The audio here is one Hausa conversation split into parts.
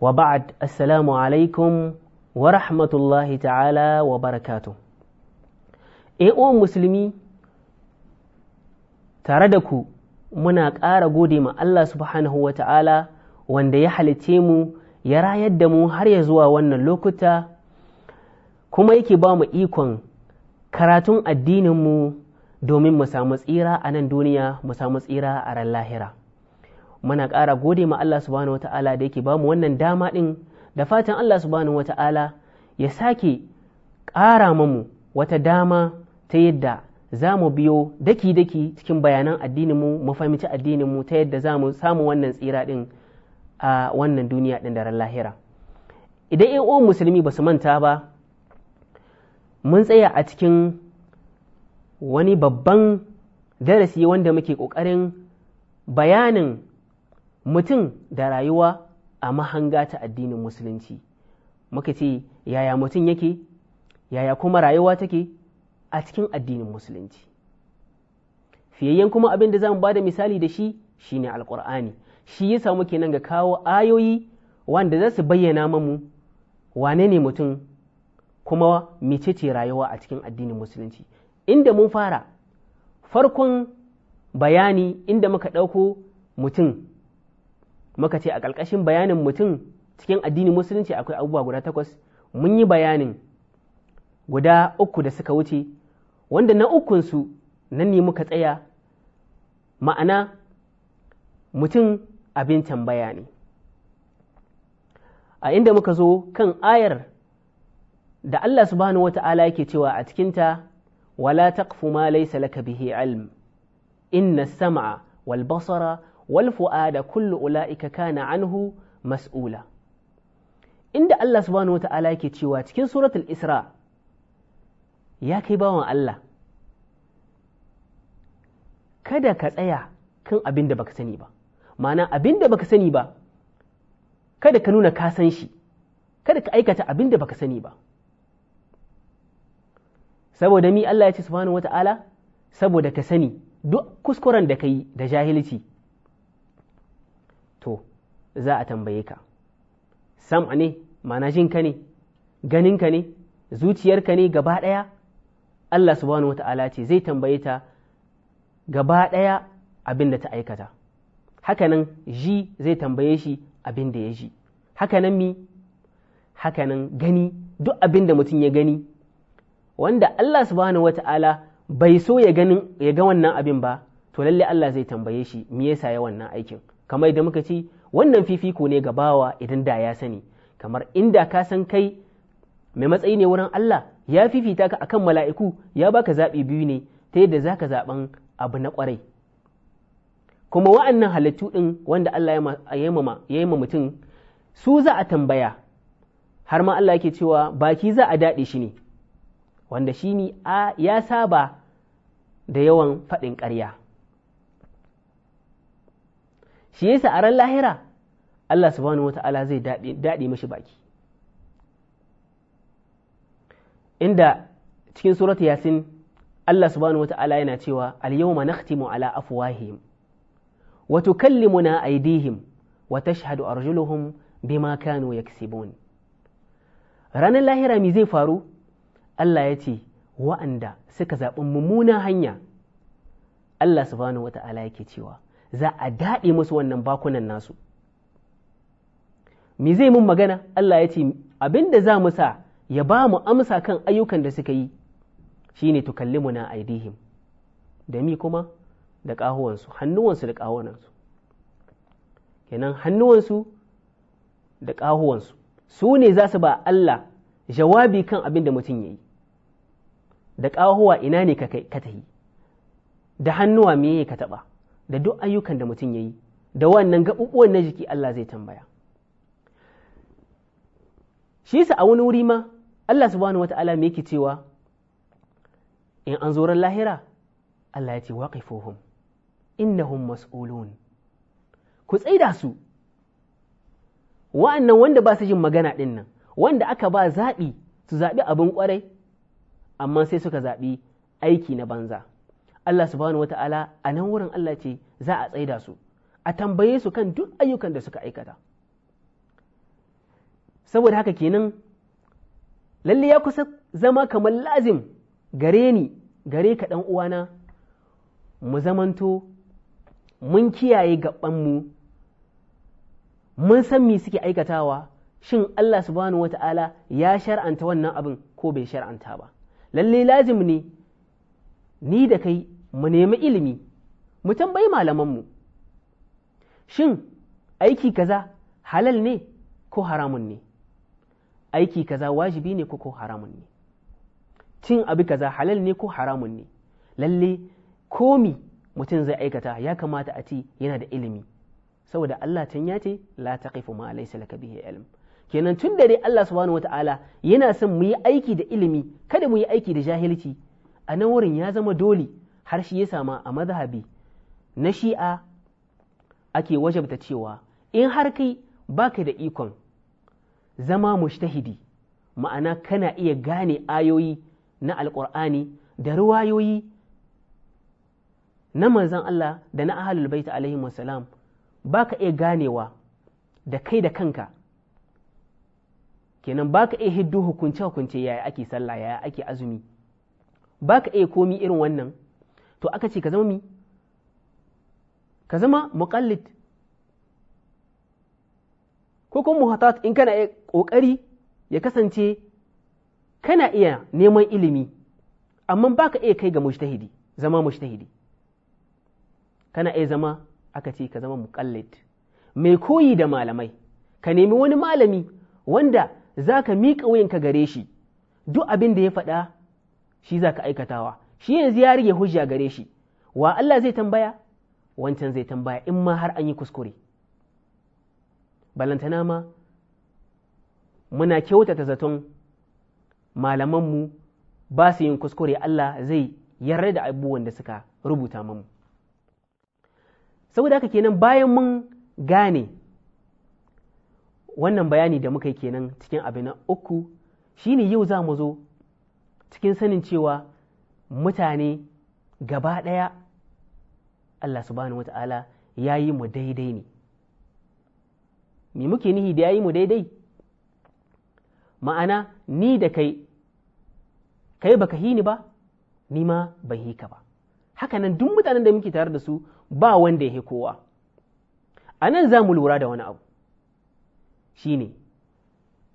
wa ba'ad assalamu alaikum wa rahmatullahi ta'ala wa barakatu eh, uwan musulmi tare da ku muna ƙara gode ma Allah subhanahu wa ta'ala wanda ya halice mu ya rayar da mu har ya zuwa wannan lokuta kuma yake ba mu ikon karatun addininmu domin mu samu tsira a nan duniya mu samu tsira a ran lahira muna ƙara gode ma Allah subhanahu wata'ala da yake bamu wannan dama ɗin da fatan Allah subhanahu wata'ala ya sake ƙara mamu wata dama ta yadda za mu biyo daki-daki cikin bayanan addininmu mu fahimci addininmu ta yadda za mu samu wannan tsira ɗin a wannan duniya din da ran lahira idan yan uwan musulmi ba su manta ba mun tsaya a cikin wani babban darasi wanda muke ƙoƙarin bayanin mutum da rayuwa a mahanga ta addinin musulunci muka ce yaya mutum yake yaya kuma rayuwa take a cikin addinin musulunci fiyayyen kuma abin da za mu ba da misali da shi shine alkur'ani shi ya samu nan ga kawo ayoyi wanda za su bayyana mamu wane ne mutum kuma ce rayuwa a cikin addinin musulunci inda mun fara farkon bayani inda muka ɗauko mutum muka ce a ƙarƙashin bayanin mutum cikin addini musulunci akwai abubuwa guda takwas mun yi bayanin guda uku da suka wuce wanda na ukunsu nan ne muka tsaya ma'ana mutum abin tambaya ne a inda muka zo kan ayar da Allah subhanahu wata'ala yake cewa a cikinta wala taqfu ma laysa laka bihi ilm inna sam'a wal basara wal fu'ada kullu ula'ika kana anhu mas'ula inda Allah subhanahu wata'ala yake cewa cikin suratul Isra ya kai bawan Allah kada ka tsaya kan abin da baka sani ba ma'ana abin da baka sani ba kada ka nuna ka san shi kada ka aikata abin da baka sani ba saboda mi Allah ya ce subhanahu wata'ala saboda ka sani duk kuskuren da ka yi da jahilci to za a tambaye ka sam'a ne ma'ana jinka ne ganinka ne zuciyarka ne gaba ɗaya Allah subhanahu wata'ala ce zai tambaye ta gaba ɗaya abin da ta aikata hakanan ji zai tambaye shi abin da ya ji hakanan mi hakanan gani duk abin da mutum ya gani wanda Allah subhanahu ala bai so ya ga wannan abin ba to lalle Allah zai tambaye shi me yasa ya wannan aikin kamar yadda muka ce wannan fifiko ne ga bawa idan da ya sani kamar inda ka san kai mai matsayi ne wurin Allah ya fifita ka akan mala'iku ya baka zaɓi biyu ne ta yadda za ka zaɓen abu na kwarai. kuma wa'annan halittu ɗin wanda Allah ya yi ma mutum su za a tambaya har ma Allah yake cewa baki za a daɗe shi ne wanda shi ne ya saba da yawan faɗin ƙarya shi yasa a ran lahira Allah subhanahu wata'ala zai daɗe mashi baki inda cikin surat yasin Allah subhanahu wata'ala yana cewa al-yawma nakhtimu ala afwahihim wa tukallimuna aydihim wa tashhadu arjuluhum bima kanu yaksibun ranar lahira me zai faru Allah ya ce wa'anda suka zaɓi mummunan hanya Allah subhanahu wata'ala yake cewa za a daɗe musu wannan bakunan nasu me zai mun magana Allah ya ce abin da za mu sa ya ba mu amsa kan ayyukan da suka yi shine tukallimuna aidihim da mi kuma da ƙahuwansu hannuwansu da ƙahuwansu kenan hannuwansu da ƙahuwansu su ne za su ba Allah jawabi kan abin da mutum ya yi da ƙahuwa ina ne ka yi, da hannuwa me ka taɓa da duk ayyukan da mutum ya yi da wannan gaɓuɓuwan na jiki Allah zai tambaya shi sa a wani wuri ma Allah subhanahu wata'ala me yake cewa in an zo lahira Allah ya ce waqifuhum innahum mas'ulun ku tsaida su wa'annan wanda ba su jin magana ɗin nan wanda aka ba zaɓi su zaɓi abin ƙwarai amma sai suka zaɓi aiki na banza Allah subhanahu ta’ala a nan wurin Allah ce za a tsaida su a tambaye su kan duk ayyukan da suka aikata saboda haka kenan lalle ya kusa zama kamar lazim gare ni gare ka ɗan uwana mu zamanto mun kiyaye gabanmu mun san me suke aikatawa shin Allah subhanahu ta’ala ya shar'anta wannan abin ko bai shar'anta ba lalle lazim ne ni da kai mu nemi ilimi mu tambayi malamanmu shin aiki kaza halal ne ko haramun ne aiki kaza wajibi ne ko ko haramun ne cin abu kaza halal ne ko haramun ne lalle komi mutum zai aikata ya kamata a ce yana da ilimi saboda Allah can ya ce la taqifu ma laysa laka bihi ilm kenan tun da dai Allah subhanahu wataala yana son mu yi aiki da ilimi kada mu yi aiki da jahilci a nan wurin ya zama dole har shi ya sama a mazhabi na shi'a ake wajabta cewa in har kai baka da ikon zama mushtahidi ma'ana kana iya gane ayoyi na alƙur'ani da ruwayoyi na manzan Allah da na ahalul baita alaihi wasalam baka iya ganewa da kai da kanka kenan baka iya hiddu hukunce hukunce yaya ake sallah yaya ake azumi ba ka iya komi irin wannan to aka ce ka zama mi ka zama muqallid ko kuma muhatat in kana iya ƙoƙari ya kasance kana iya neman ilimi amma ba ka iya kai ga mujtahidi zama mujtahidi kana iya zama aka ce ka zama muqallid mai koyi da malamai ka nemi wani malami wanda za ka miƙa wuyanka gare shi duk abin da ya faɗa shi za ka aikatawa shi yanzu ya rige hujja gare shi wa Allah zai tambaya wancan zai tambaya in ma har an yi kuskure balantana ma muna kyautata zaton malamanmu ba su yin kuskure Allah zai yarda da abubuwan da suka rubuta mamu saboda haka kenan bayan mun gane wannan bayani da muka yi kenan cikin abu na uku shine yau za mu zo cikin sanin cewa mutane gaba ɗaya Allah subhanahu wa ta'ala ya yi mu daidai ne me muke nihi da ya yi mu daidai ma'ana ni da kai kai baka hi ni ba ni ma ban hi ka ba hakanan duk mutanen da muke tare da su ba wanda ya kowa a nan za mu lura da wani abu Shi ne.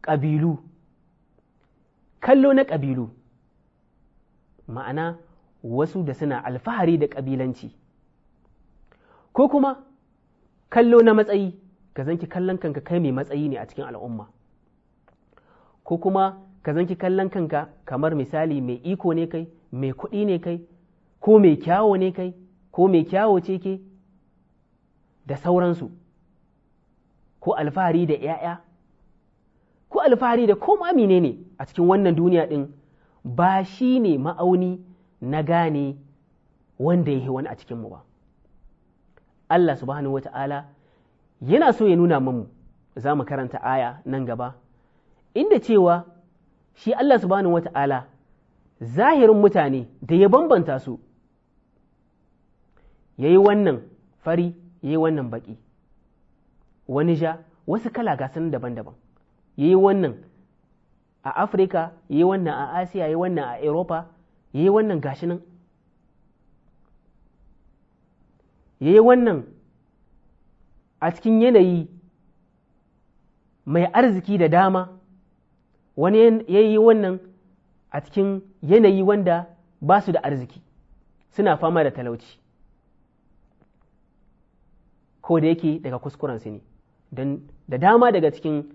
ƙabilu kallo na ƙabilu ma'ana wasu da suna alfahari da kabilanci, ko kuma kallo na matsayi ka zanki kallon kanka kai mai matsayi ne a cikin al'umma ko kuma ka zanki kallon kanka kamar misali mai iko ne kai mai kuɗi ne kai ko mai kyawo ne kai ko mai kyawo ce ke da sauransu ko alfahari da ‘ya'ya ko alfahari da koma ne a cikin wannan duniya ɗin ba shi ne ma'auni na gane wanda ya yi wani a cikinmu ba Allah subhanahu wa ta'ala yana so ya nuna mamu za mu karanta aya nan gaba inda cewa shi Allah subhanahu wa ta'ala zahirin mutane da ya bambanta su ya yi wannan fari ya yi wannan baƙi wani ja wasu kala gasan daban-daban ya yi wannan a afirka yi wannan a asiya yi wannan a europa yi wannan gashi nan yi wannan a cikin yanayi mai arziki da dama wani ya yi wannan a cikin yanayi wanda ba su da arziki suna fama da talauci ko da yake daga su ne don da dama daga cikin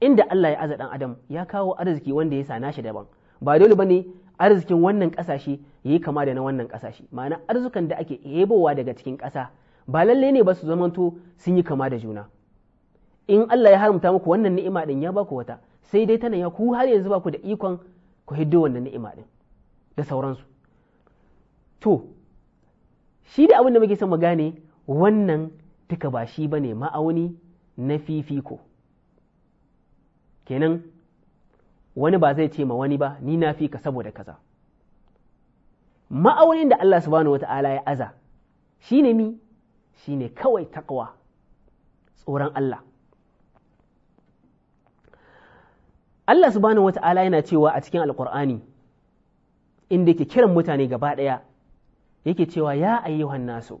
inda Allah ya aza dan adam ya kawo arziki wanda ya sa daban ba dole bane arzikin wannan kasashe ya yi kama da na wannan kasashe ma'ana arzukan da ake ebowa daga cikin ƙasa ba lalle ne ba su zamanto sun yi kama da juna in Allah ya haramta muku wannan ni'ima din ya baku wata sai dai tana ya ku har yanzu ba ku da ikon ku hiddo wannan ni'ima din da sauransu to shi da abin da muke son mu gane wannan duka ba shi bane ma'auni na fifiko kenan wani ba zai ce ma wani ba ni na fi ka saboda kaza ma'aunin da Allah subhanahu wata'ala ya aza shi ne mi shi ne kawai takwa tsoron Allah Allah subhanahu wata'ala yana cewa a cikin alkur'ani inda yake kiran mutane gaba ɗaya yake cewa ya ayyuhan nasu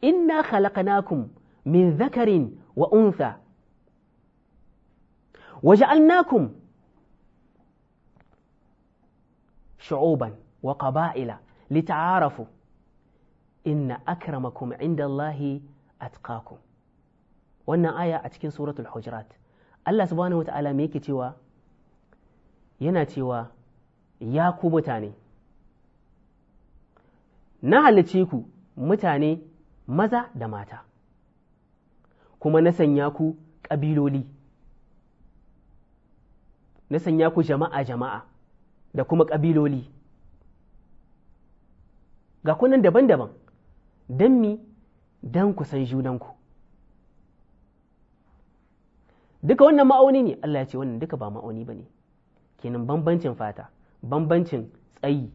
inna khalaqnakum min zakarin wa untha waja'alnakum shu'uban wa qaba'ila lita'arafu inna akramakum indallahi atqakum wannan aya a cikin suratul hujurat Allah subhanahu wa Ta'ala yake cewa yana cewa ya ku mutane na halicce ku mutane maza da mata kuma na sanya ku ƙabiloli na sanya ku jama'a jama'a da kuma ƙabiloli ga kunan daban-daban don mi don ku san junanku duka wannan ma'auni ne Allah ya ce wannan duka ba ma'auni ba ne kenan bambancin fata bambancin tsayi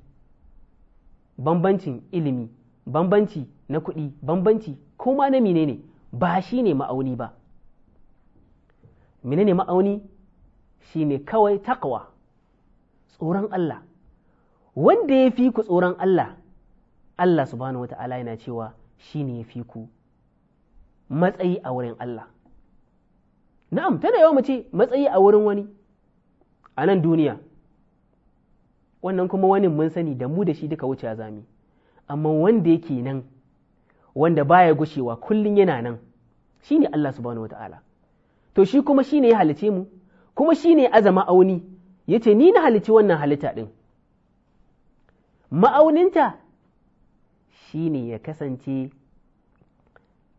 bambancin ilimi bambanci na kuɗi bambanci koma ma na menene ba shi ne ma'auni ba menene ma'auni shine kawai takawa tsoron Allah wanda ya fi ku tsoron Allah Allah subhanahu wata'ala yana cewa shine ya fi ku matsayi a wurin Allah na'am tana yawa mace matsayi a wurin wani a nan duniya wannan kuma wani mun sani da mu da shi duka wuce zami amma wanda yake nan wanda baya gushewa kullum yana nan shine Allah subhanahu wata'ala to shi kuma shi ne ya halice mu kuma shi ne aza auni. ya ce ni na halici wannan halitta ɗin ma'auninta shi ne ya kasance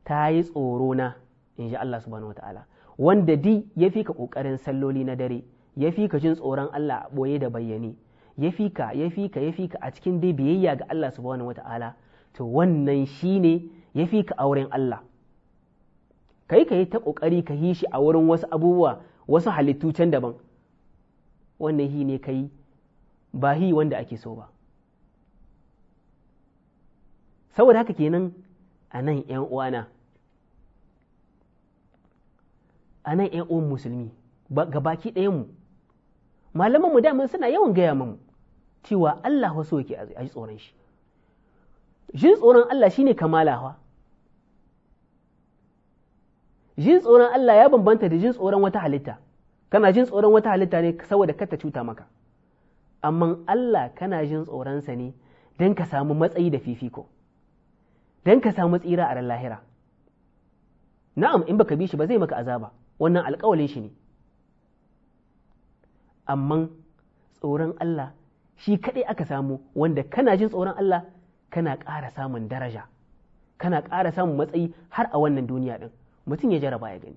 ta yi tsoro na in ji Allah subhanahu ta’ala wanda di ya fi ka ƙoƙarin salloli na dare ya fi ka jin tsoron Allah a ɓoye da bayyane ya fi ka ya fi ka ya fi ka a cikin dai biyayya ga Allah subhanahu ta’ala to wannan shi ne ya fi ka auren Allah kai ka yi ta ƙoƙari ka yi shi a wurin wasu abubuwa wasu halittu can daban wannan hi ne ka yi ba hi wanda ake so ba saboda haka kenan a nan ‘yan uwana a nan ‘yan uwan musulmi ga baki ɗayanmu malamanmu damar suna yawan gaya mamu cewa Allah wasu yake a ji tsoron shi jin tsoron Allah shine kamalawa jin tsoron Allah ya bambanta da jin tsoron wata halitta kana jin tsoron wata halitta ne saboda ta cuta maka amma Allah kana jin tsoronsa ne don ka samu matsayi da fifiko don ka samu tsira a ran lahira na'am in baka bi shi ba zai maka azaba wannan alƙawalin shi ne amma tsoron Allah shi kaɗai aka samu wanda kana jin tsoron Allah kana ƙara samun daraja kana ƙara samun matsayi har a wannan duniya ɗin mutum ya jaraba ya gani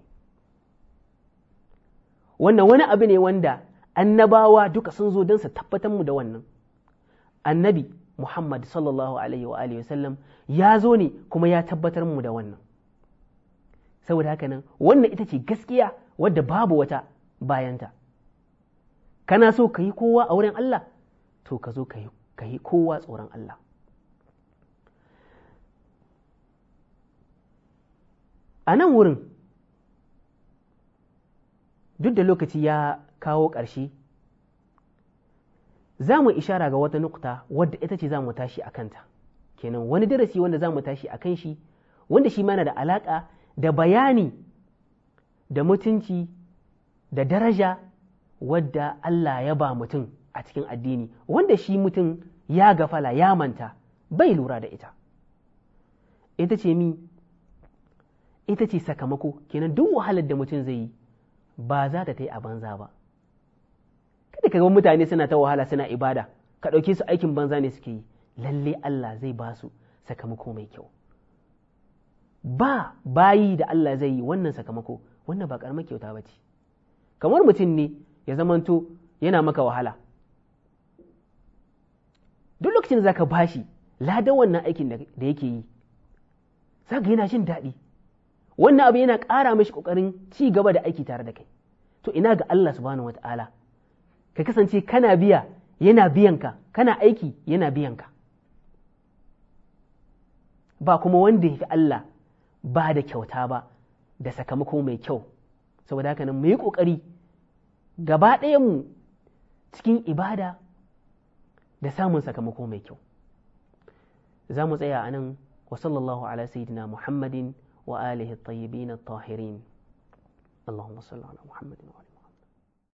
wannan wani abu ne wanda annabawa duka sun zo don su tabbatar mu da wannan annabi muhammad sallallahu alaihi wa alihi wasallam ya zo ne kuma ya tabbatar mu da wannan saboda haka nan wannan ita ce gaskiya wadda babu wata bayanta kana so ka yi kowa a wurin Allah to ka zo ka yi kowa tsoron Allah a nan wurin duk da lokaci ya kawo ƙarshe za mu ishara ga wata nukta wadda ita ce za mu tashi a kanta kenan wani darasi wanda za mu tashi a kan shi wanda shi mana da alaƙa da bayani da mutunci da daraja wadda Allah ya ba mutum a cikin addini wanda shi mutum ya gafala ya manta bai lura da ita ita ce mi ita ce sakamako kenan duk wahalar da mutum zai yi ba za ta ta yi a banza ba kada ka ga mutane suna ta wahala suna ibada ka ɗauke su aikin banza ne suke yi lalle Allah zai ba su sakamako mai kyau ba bayi da Allah zai yi wannan sakamako wannan ba karamar kyauta ba ce kamar mutum ne ya zamanto yana maka wahala duk lokacin da za ka bashi ladan wannan aikin da yake yi za ka yana jin daɗi wannan abu yana ƙara mashi ƙoƙarin ci gaba da aiki tare da kai to ina ga Allah subhanahu wata'ala ka kasance kana biya yana biyan ka kana aiki yana biyan ka ba kuma wanda ya fi Allah ba da kyauta ba da sakamako mai kyau saboda haka nan mai ƙoƙari gaba mu cikin ibada da samun sakamako mai kyau za mu tsaya a nan wa sallallahu ala sayyidina muhammadin وآله الطيبين الطاهرين اللهم صل على محمد وعلى